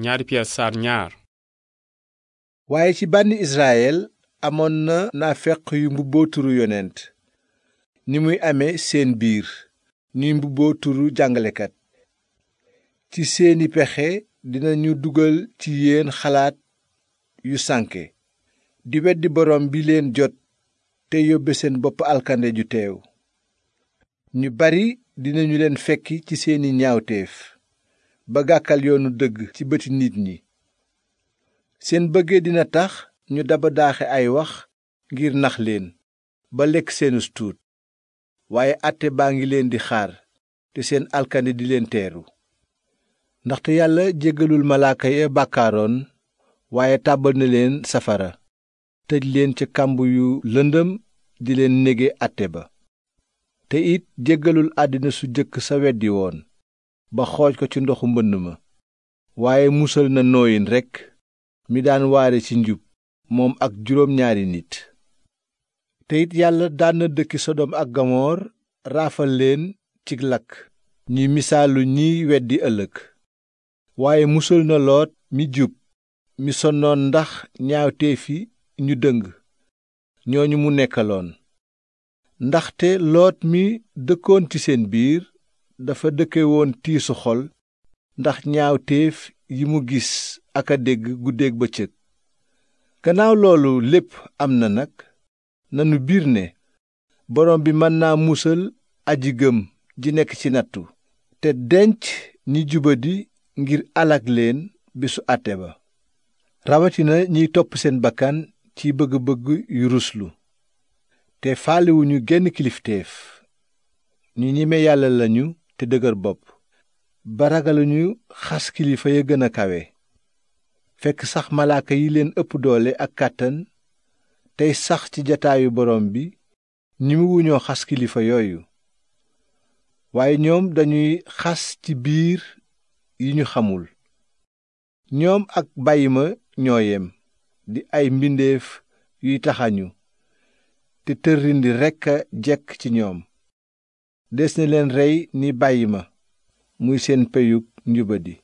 ñaari Piyeer waaye ci bànni Israyel amoon na naafeq yu mbubboo turu yonent ni muy amee seen biir ñuy mbubboo turu jàngalekat ci seeni pexe dinañu dugal ci yéen xalaat yu sànke di weddi boroom bi leen jot te yóbbe seen bopp alkande ju teew ñu bari dinañu leen fekki ci seeni ñaawteef ba yoonu dëgg ci bëti nit ñi seen bëggee dina tax ñu daba daaxe ay wax ngir nax leen ba lekk seenus tuut waaye àtte baa ngi leen di xaar te seen alkande di leen teeru ndaxte yàlla jéggalul malaaka ya bàkkaaroon waaye tàbbal na leen safara tëj leen ca kàmb yu lëndëm di leen nége àtte ba te it jéggalul àddina su jëkk sa weddi woon ba xooj ko ci ndoxu mbënn ma waaye musal na nooyin rekk mi daan waare ci njub moom ak juróom ñaari nit te yàlla daan na dëkki sodom ak gamoor raafal leen cig lakk ñi misaalu ñiy weddi ëllëg waaye musal na loot mi jub mi sonnoon ndax ñaawteefi ñu dëng ñooñu mu nekkaloon ndaxte loot mi dëkkoon ci seen biir dafa dëkke woon tiisu xol ndax ñaawteef yi mu gis ak a dégg guddeeg bëccëg gannaaw loolu lépp am na nag nanu biir ne borom bi mën naa musal aji gëm ji nekk ci nattu te denc ñi juba di ngir alag leen bésu àtte ba rawatina ñiy topp seen bakkan ci bëgg-bëgg yu ruslu te faaliwuñu genn kilifteef ñu ñime yàlla lañu te dëgër bopp ba ragaluñu xas kilifa ya gën a kawe fekk sax malaaka yi leen ëpp doole ak kàttan tey sax ci jataayu borom bi ñi mu wuñoo xas kilifa yooyu waaye ñoom dañuy xas ci biir yi ñu xamul ñoom ak bàyyima ñoo yem di ay mbindeef yuy taxañu te tërindi rekk a jekk ci ñoom des na leen rey ni bàyyi ma muy seen peyug njubadi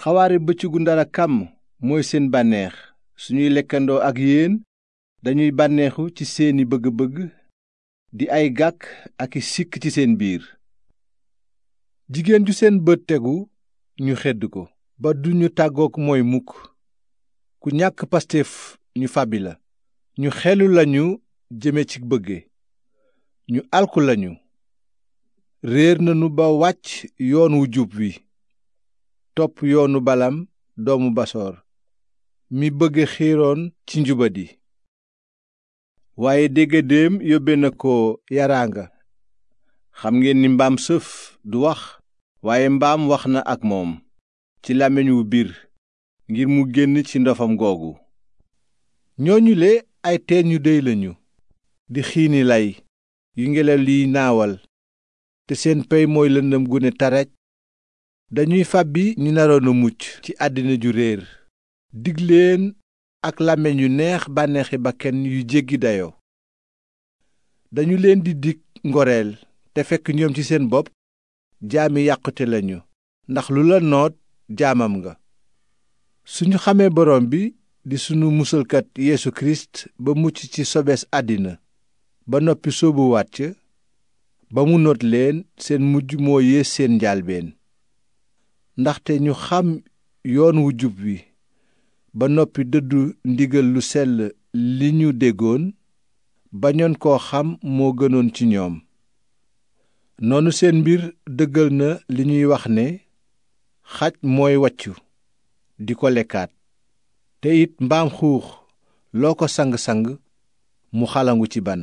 xawaare bëccëgu ndara kàmm mooy seen bànneex suñuy lekkandoo ak yéen dañuy bànneexu ci seeni bëgg-bëgg di ay gàkk ak i sikk ci seen biir jigéen ju seen bët tegu ñu xedd ko ba duñu tàggook mooy mukk ku ñàkk pastéef ñu fàbbi la ñu xelu lañu jëme ci bëgge ñu alku lañu réer na nanu ba wàcc yoon wu jub wi topp yoonu balam doomu basoor mi bëgg xiiroon ci njuba njubadi waaye déggadeem yóbbe na ko yaraanga xam ngeen ni mbaam sëf du wax waaye mbaam wax na ak moom ci làmmiñ wu biir ngir mu génn ci ndofam googu ñooñule ay teen yu déy lañu di xiini lay yu ngelaw liy naawal te seen pey mooy lëndam gu ne taraj dañuy fàbbi ñu naroon mucc ci àddina ju réer dig ak làmmiñ yu neex bànneexi bakken yu jéggi dayoo dañu leen di dig ngoreel te fekk ñoom ci seen bopp jaami yàqute lañu ndax lu la noot jaamam nga suñu xamee borom bi di sunu musalkat Yeesu Kirist ba mucc ci sobes àddina ba noppi soobu wàcc ba mu not leen seen mujj moo yées seen njaalbeen ndaxte ñu xam yoon wu jub wi ba noppi dëddu ndigal lu sell li ñu déggoon bañoon koo xam moo gënoon ci ñoom noonu seen mbir dëggal na li ñuy wax ne xaj mooy wàccu di ko lekkaat te it mbaam xuux loo ko sang-sang mu xalangu ci ban